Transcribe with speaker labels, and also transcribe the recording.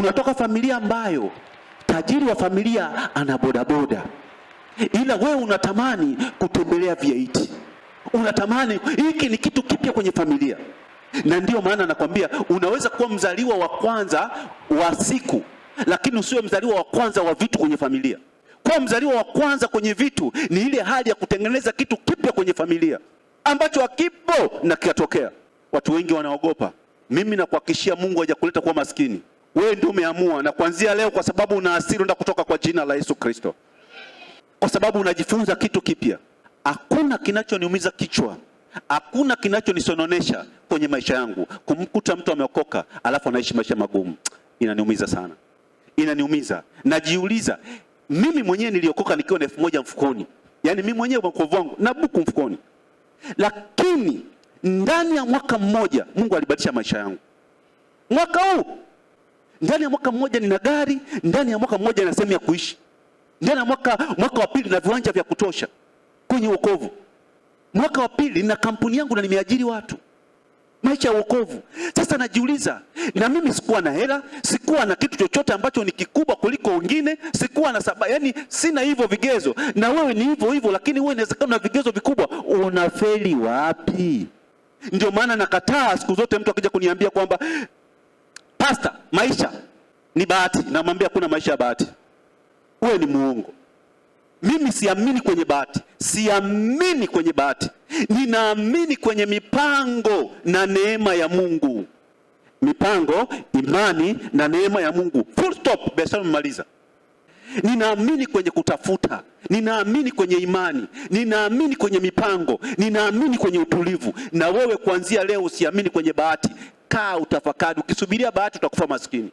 Speaker 1: Unatoka familia ambayo tajiri wa familia ana bodaboda, ila wewe unatamani kutembelea viaiti unatamani hiki ni kitu kipya kwenye familia. Na ndiyo maana nakwambia unaweza kuwa mzaliwa wa kwanza wa siku, lakini usiwe mzaliwa wa kwanza wa vitu kwenye familia. Kuwa mzaliwa wa kwanza kwenye vitu ni ile hali ya kutengeneza kitu kipya kwenye familia ambacho akipo na kikatokea. Watu wengi wanaogopa. Mimi nakuhakikishia Mungu hajakuleta kuwa maskini. Wewe ndio umeamua, na kuanzia leo, kwa sababu una asili, unaenda kutoka kwa jina la Yesu Kristo, kwa sababu unajifunza kitu kipya. Hakuna kinachoniumiza kichwa, hakuna kinachonisononesha kwenye maisha yangu. Kumkuta mtu ameokoka alafu anaishi maisha magumu, inaniumiza sana, inaniumiza. Najiuliza mimi mwenyewe niliokoka nikiwa na elfu moja mfukoni, yaani mimi mwenyewe wokovu wangu na buku mfukoni, lakini ndani ya mwaka mmoja Mungu alibadilisha maisha yangu mwaka huu ndani ya mwaka mmoja nina gari, ndani ya mwaka mmoja nina sehemu ya kuishi, ndani ya mwaka, mwaka wa pili na viwanja vya kutosha kwenye wokovu, mwaka wa pili na kampuni yangu na nimeajiri watu. Maisha ya wokovu. Sasa najiuliza, na mimi sikuwa na hela, sikuwa na kitu chochote ambacho ni kikubwa kuliko wengine, sikuwa na sababu, yani sina hivyo vigezo, na wewe ni hivyo hivyo, lakini wewe inawezekana na vigezo vikubwa. Unafeli wapi? Ndio maana nakataa siku zote mtu akija kuniambia kwamba Pasta, maisha ni bahati. Namwambia kuna maisha ya bahati, uwe ni muongo. Mimi siamini kwenye bahati, siamini kwenye bahati, ninaamini kwenye mipango na neema ya Mungu. Mipango, imani na neema ya Mungu, full stop. Besa, mmaliza. Ninaamini kwenye kutafuta, ninaamini kwenye imani, ninaamini kwenye mipango, ninaamini kwenye utulivu. Na wewe kuanzia leo usiamini kwenye bahati, kaa utafakari, ukisubiria bahati utakufa maskini.